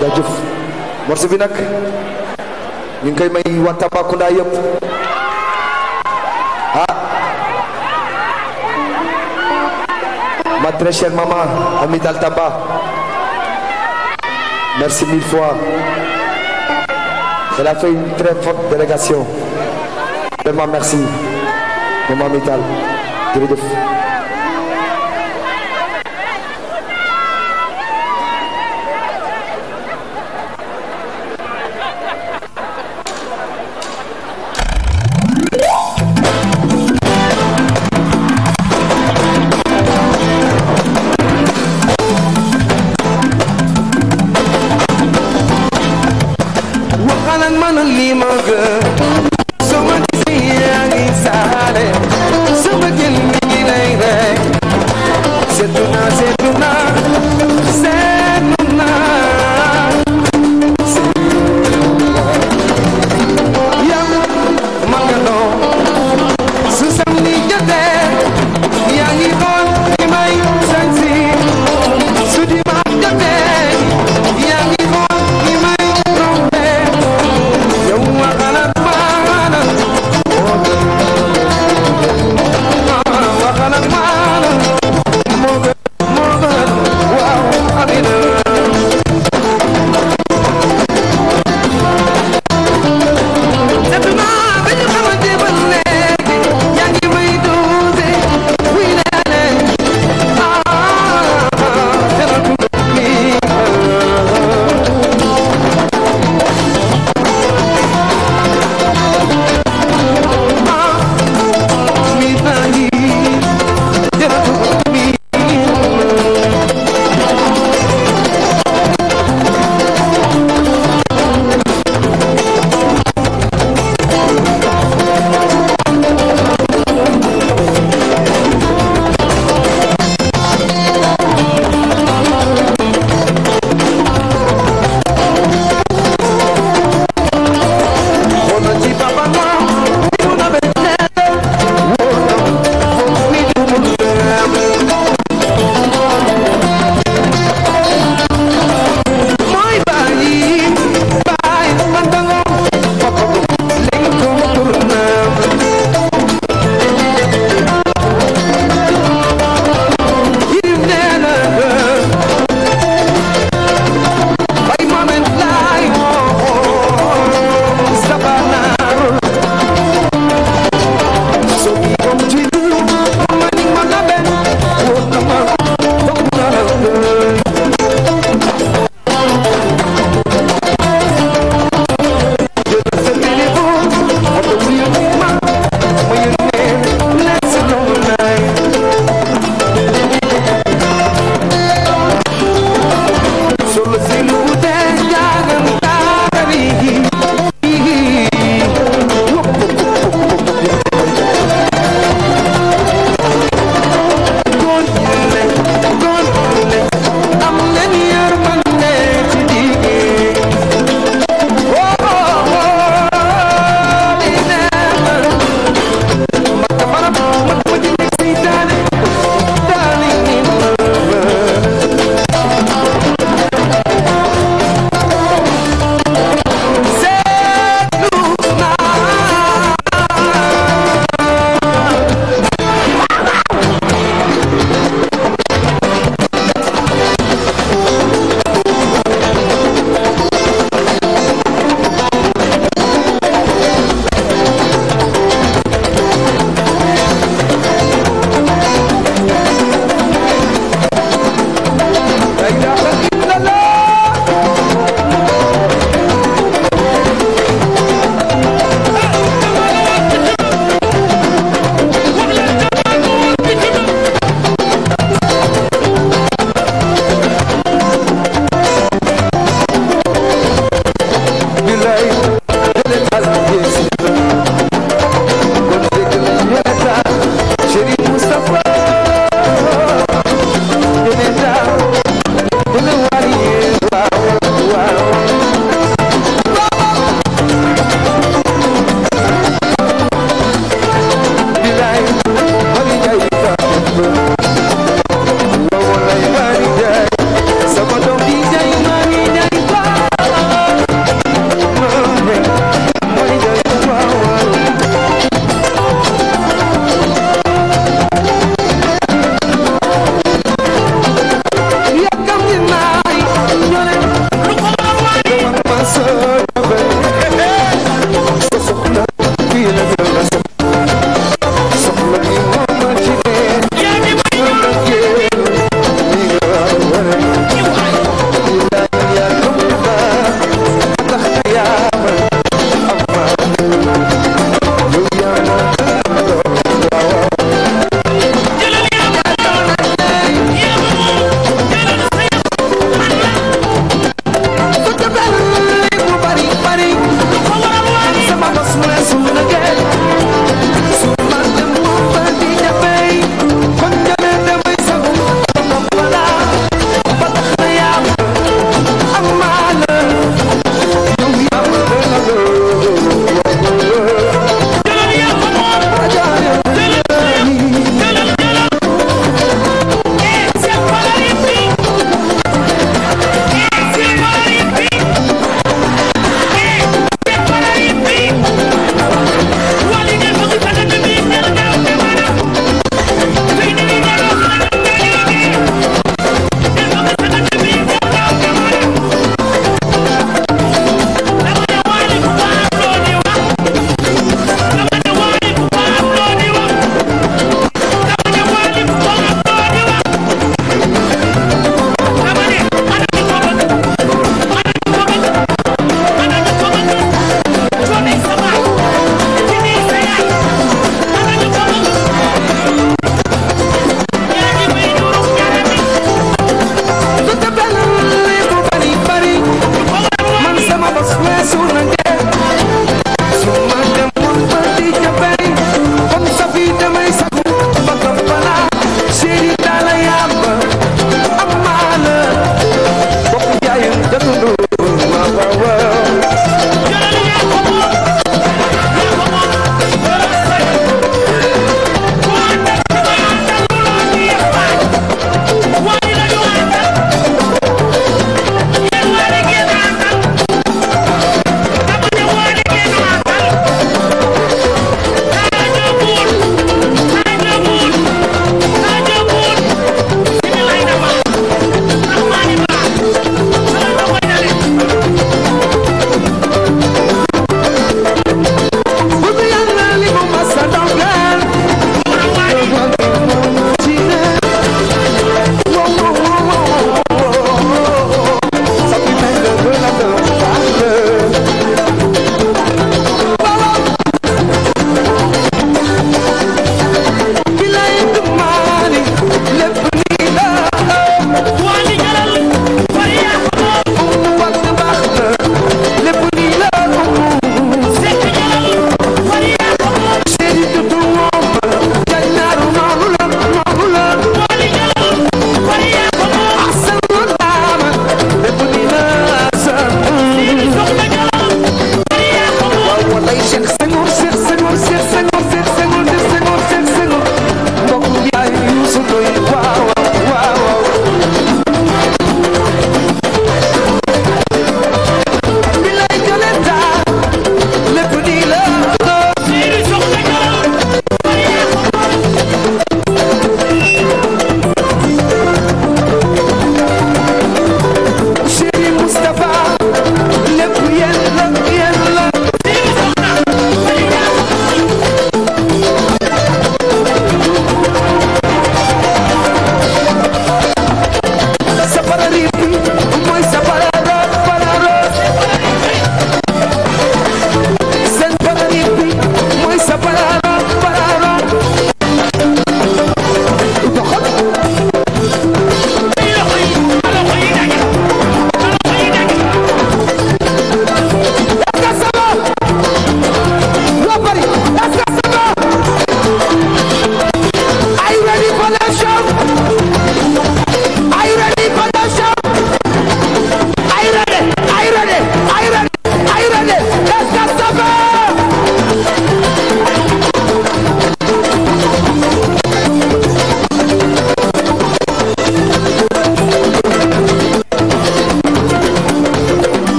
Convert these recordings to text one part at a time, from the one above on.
jaajëf morceau bi nag ñu ngi koy may waa Tambacounda yëpp ah ma très chère maman Tabah. merci mille fois elle a fait une très forte délégation vraiment merci maman Amital. Dal jërëjëf limanın limanı los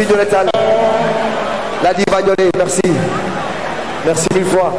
Merci Jonathan. La diva aller, merci. Merci mille fois.